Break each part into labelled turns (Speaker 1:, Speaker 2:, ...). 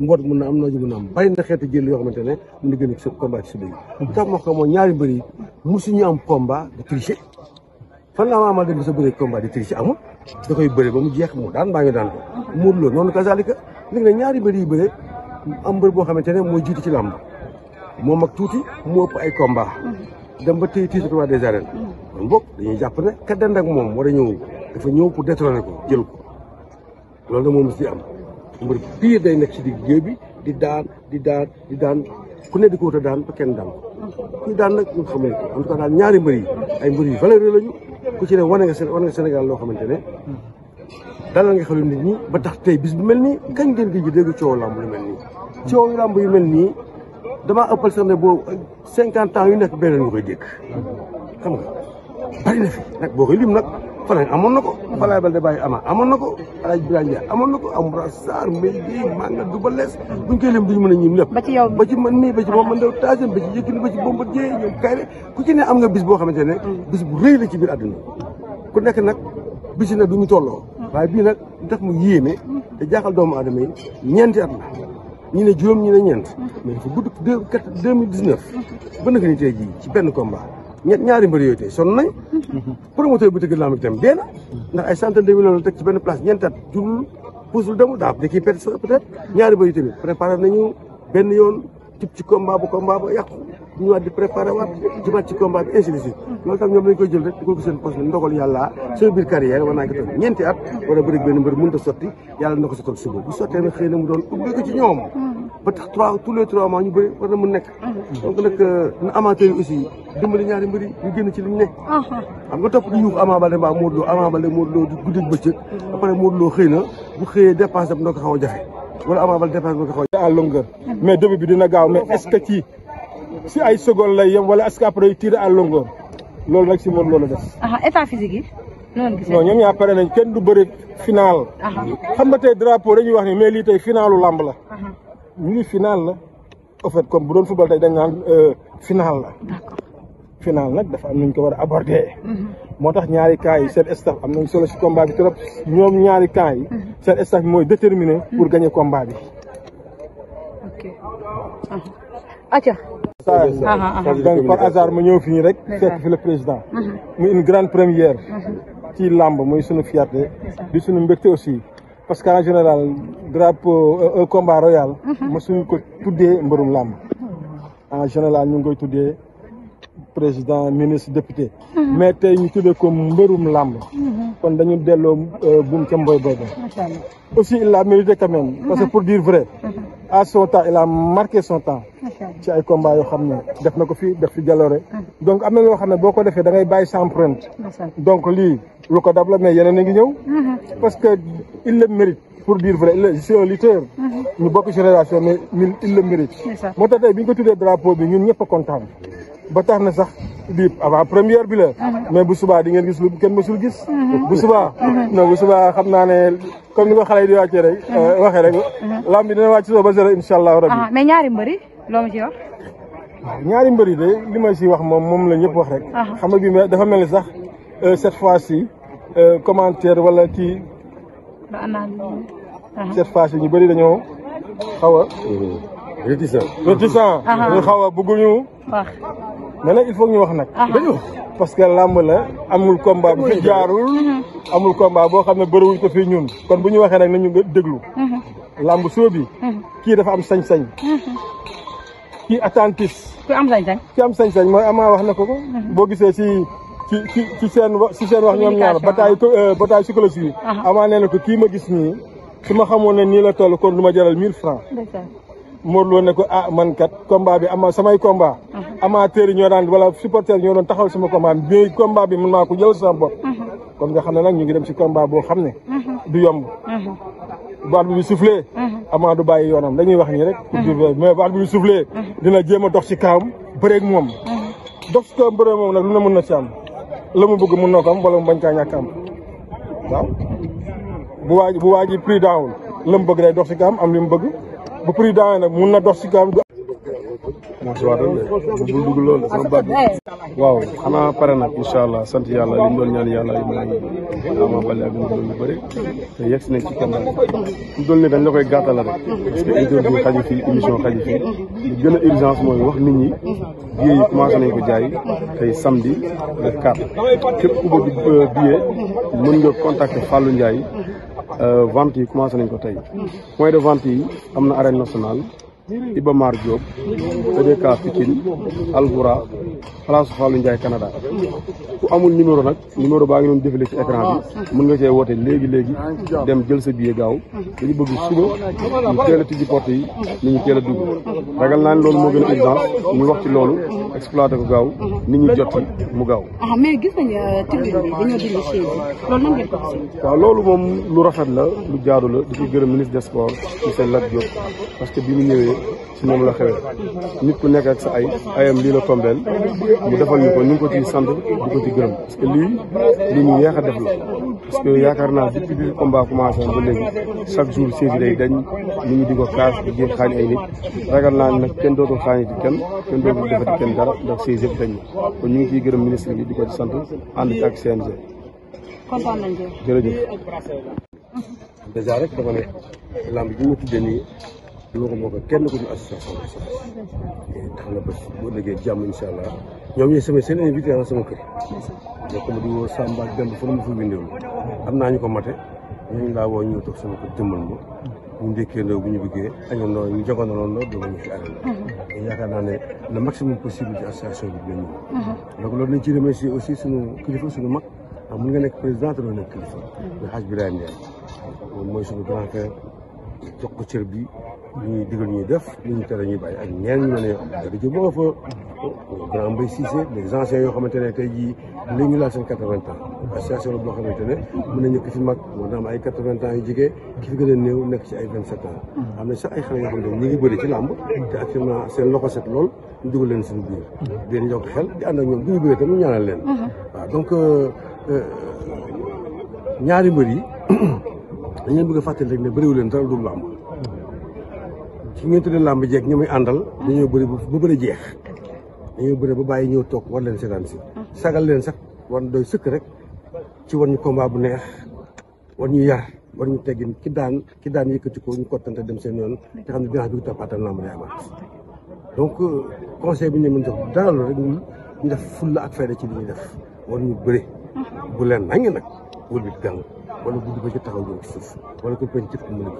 Speaker 1: mboot mun na am nooju mun na am bari na xeeti jël yoo xamante ne mun na gën a ci combat ci ñaari mbër yi am combat de tricher la Ama Baldé sa bëree combat de tricher amul da koy bëri ba mu jeex mu daan baa ngi daan ko Modou ñaari mbër yi bëre am boo xamante ne mooy jiitu ci làmb moo mag tuuti moo ëpp ay combat dem ba tey titre roi des arènes kon boog dañuy jàpp ne ka dend moom war a ñëw dafa ñëw pour détrôner ko jël ko loolu da moom si am mbër pire day nekk ci digg géew bi di daan di daan di daan ku ne di ko wut daan ba kenn daan kuy daan nag ñu xam ne en tout cas ñaari mbër yi ay mbër yu valeureux lañu ku ci ne wane nga wane loo xamante ne dalal nga xelu nit ñi ba tax tey bis bu mel nii kañ ngeen gi ji dégg coow làmb lu mel nii coow làmb yu mel nii damaa ëppal sax ne boo cinquante ans yu nekk beneen nga koy dégg xam nga bari fi nag boo koy lim nag Frank amoon na ko Falaye Baldé bàyyi Ama amoon na ko El Hadj Birane Ndiaye amoon na ko Amoura Sarr Mbaye Guèye Manga Double Less buñ koy lim duñu mën a ñim lépp ba ci ba ci man mii ba ci moom man daw taasem ba ci Yékini ba ku ci ne am nga bis boo xamante ne mm. bis bu rëy la ci biir àdduna ku nekk nag bisi na duñu tolloo mm. waaye bii nag ndax mu yéeme te jaaxal doomu aadama yi ñeenti at la ñu ne juróom ñu ne ñeent mm. mais dafa gudd deux mille dix neuf ba naka ni tey ci benn combat ñett ñaari mbër yooyu tey sonn nañ promoteur boutique islamique tam dee na ndax ay centaine de millions la teg ci benn place ñeentaat jurul puusul demul daa da ciy perte peut-être ñaari mbër yi tamit préparé nañu benn yoon tib ci combat ba combat ba yàqu ñu waat di préparé waat jubaat ci combat bi ainsi de suite koy jël rek di ko seen poste la ndogal yàlla seen biir carrière war naa ko toog ñeenti at wala bëri benn mbër mënut a sotti yàlla na ko sottal suba bu sottee na mu doon ubbi ko mm-hmm. ba tax trois tous les trois mois ñu mu nekk mm-hmm. euh, mm-hmm. guddi bëccëg après Modou Lo xëy na bu xëyee dépense dam na xaw a jafe wala
Speaker 2: Ama Baldé dépense dam na xaw a à mais début bi dina gaaw mais si ay secondes lay yem wala est-ce que après tiré à loolu nag si moom loolu des.
Speaker 3: ah état physique yi. noonu
Speaker 2: gis ñoom nañ kenn du bëri final. xam nga tey drapeau dañuy wax ne mais lii tey finalu làmb la. ñu ngi la. en comme bu doon football tey dañ euh, final la. final nag dafa am nañ ko war a aborder. Mhm. moo tax ñaari kaay yi seen staff am nañ solo si combat trop ñoom ñaari cas mhm. seen staff mooy déterminé pour mhm. gagner combat bi.
Speaker 4: acca ah, ah, ah. donc par hasard
Speaker 2: ma ñëw fii rek fekk fi le président mhm. une grande première mhm. ci làmb muy suñu fiarte di suñu mbégte aussi parce que général drapeau euh, un combat royal ma mhm. suñu ko tuddee mbërum làmb en général ñu ngi koy tuddee président ministre député mais tey ñu tuddee ko mbërum làmb kon dañu delloo euh, buum ca mboy boy ba aussi il a mérité quand même parce que pour dire vrai à son temps il a marqué son temps. ci ay combat yoo xam ne def na ko fii def fi jaloore. Ah. donc am na loo xam ne boo ko defee da ngay bàyyi sa empreinte. donc lii lu ko dab la mais yeneen a ngi ñëw. Uh-huh. parce que il le mérite pour dire vrai il est un lutteur. Uh-huh. ñu bokk génération mais il le mérite. moo tax tey bi ñu ko tuddee drapeau bi ñun ñëpp a ba tax na sax. di avant première bi la mais bu subaa di ngeen gis lu kenn mësul gis mhm. bu subaa mhm. non bu subaa xam naa ne comme ni ko xale yi di wàccee rek mhm. euh, waxee rek lamb bi dina wàcc soo ba zéro insha allahu rabbi ah,
Speaker 3: mais ñaari mbëri loo ma ci wax
Speaker 2: waaw ñaari mbëri de li ma si wax moom moom la ñëpp wax rek ah. xam nga ma dafa mel ni sax euh, cette fois ci euh, commentaire wala kii ah. cette fois yi ñu bëri dañoo xaw a mais il faut ñu wax nag. Ah. dañu parce que làmb la amul combat bu fi mhm. amul combat boo xam ne bëriwuñ ko fii ñun. kon bu ñu waxee nag nañu nga déglu. Mhm. làmb soo bi. Mhm. kii dafa am sañ-sañ. kii attentif. ku am sañ-sañ. ki am sañ-sañ mooy amaa wax na ko ko. boo gisee si ci ci seen si seen wax ñoom ñaar bataille euh, bataille psychologique yi. Ama nee na ko kii ma gis nii su ma xamoon ne nii la toll kon du ma jaral 1000 francs Modou Lo ne ko ah man kat combat bi ama samay combat mhm. amateurs yi ñoo daan wala supporters ñoo doon taxaw sama combat bi combat bi man maa ko jël sama bopp mhm. kon nga xam ne nag ñu ngi dem si combat boo xam ne mhm. du yomb bu arbitre bi soufflé ama du bàyyi yoonam dañuy wax nii rek pour mais bu arbitre bi soufflé dina jéem a dox si kawam bëreeg moom dox si kawam bëreeg moom nag lu ne na si am la mu bëgg mun na ko am wala mu bañ kaa ñàkk am waaw bu waaj bu waaj yi prix daawul la bëgg dox si kawam am li mu bëgg ba prix daanee nag mun na dox si gaam du moo si waatal loolu sama baat waaw xanaa pare nag incha allah sant yàlla li ñu doon ñaan yàlla yi ma
Speaker 3: ama ñu doon ne dañ la koy gàttal rek parce que interview xaju fii émission xaju fii lu gën a urgence mooy wax nit ñi billet yi commencé nañ ko jaay tey samedi le 4 képp ku bëgg euh, billet mën nga contacter Fallou Ndiaye Euh, vente yi commencé nañ ko tey point de vente yi am na arène nationale Iba Mar Diop CDK e Pikine Alboura place Fallou Ndiaye Canada ku amul numéro nag numéro baa ngi doon défilé ci écran bi mën nga cee woote léegi léegi dem jël sa billet gaaw dañu bëgg suba ñu teel a tijji porte yi nit ñi teel a dugg
Speaker 4: ragal naa ne loolu moo gën a urgence ñu wax ci loolu
Speaker 3: exploité ko gaaw nit ñi jot mu gaaw. Ah, euh, loolu moom lu rafet la lu jaadu la di ko gërëm ministre des sports monsieur Lat Diop parce que bi mu ñëwee ci moom la xewee nit ku nekk ak sa ay ayam lii la tombeel mu defal ñu ko ñu ko ci sant di ko ci gërëm parce que lii lu ñu yeex def la parce que yaakaar naa depuis bi combat commencé woon ba léegi chaque jour sévi day dañ nit ñi di ko kaas di jéem xaañ ay nit ragal naa nag kenn dootul xaañati kenn kenn dootul defati kenn dara ndax sévi yëpp dañ kon ñu ngi gërëm ministre bi di ko ci sant ànd ci ak CNG. kontaan nañ jërëjëf.
Speaker 1: dèjà rek dama ne lamb bi ñu ma lu ma ko bokk kenn ku ñu association bi sax
Speaker 4: tax
Speaker 1: na ba boo déggee jàmm incha ñoom ñooy sama seen invité ah sama kër. donc ma di woo Samba ak Demba fu mu fi bindee am naa ñu ko mate ñooñu laa woo ñu toog sama kër dimbal ma ñu ndékkee ndaw bu ñu bëggee añandoo ñu jogandoo lool doo ñu fi àndal. Mhm. te yaakaar naa ne le maximum possible ci association bi dinañ ñëw. Mhm. donc loolu nañ ci remercier aussi suñu kilifa suñu mag ah mun nga nekk président te doo nekk kilifa. mais mhm. Hadj Birame Ndiaye mooy suñu grand jox ko cër bi ñuy digal ñuy def ñu tere ñuy bàyyi ak ñenn ñu ne ñoo am dëgg ci ba nga fa grand Mbaye Cissé les yoo xamante ne tey jii li ñu laal seen quatre-vingts boo xamante ne mun nañu ki fi mag mën na ay quatre-vingts ans yu jege ki fi gën a néew nekk ci ay vingt-sept ans am na sax ay xale yoo xam ne ñu ngi bëri ci làmb te actuellement seen loxo set lool ñu dugal leen suñu biir biir ñoo ko xel di ànd ak ñoom bu ñu bëggee tamit ñaanal leen mhm. waaw donc euh, euh, ñaari mbër yi dañ leen bëgg a fàttali rek ne leen dara du làmb ci ngeen tuddee jeeg ñi àndal dañoo bëri ba bëri jeex dañoo bëri ba bàyyi ñëw toog war leen seetaan si sagal leen sax war doy sëkk rek ci war ñu combat bu neex war ñu yar war ñu teggin ki daan ki daan yëkkati ko ñu kottante dem seen yoon te xam ne dinaa bi toppaatal làmb day amaat donc euh, conseil bi ñu mën jox dara rek ñu def fulla ak fayda ci li def war ñu bëri bu leen nangi nag wëlbati gàll wala guddi ba ci taxaw ñoom ci suuf wala ko peñ cëpp mën a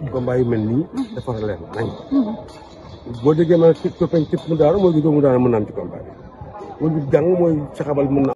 Speaker 1: jóg combat yu mel nii dafa leen nañ boo déggee ma ko peñ cëpp mu daara mooy gi doomu daara mën na am ci combat bi wëlbati na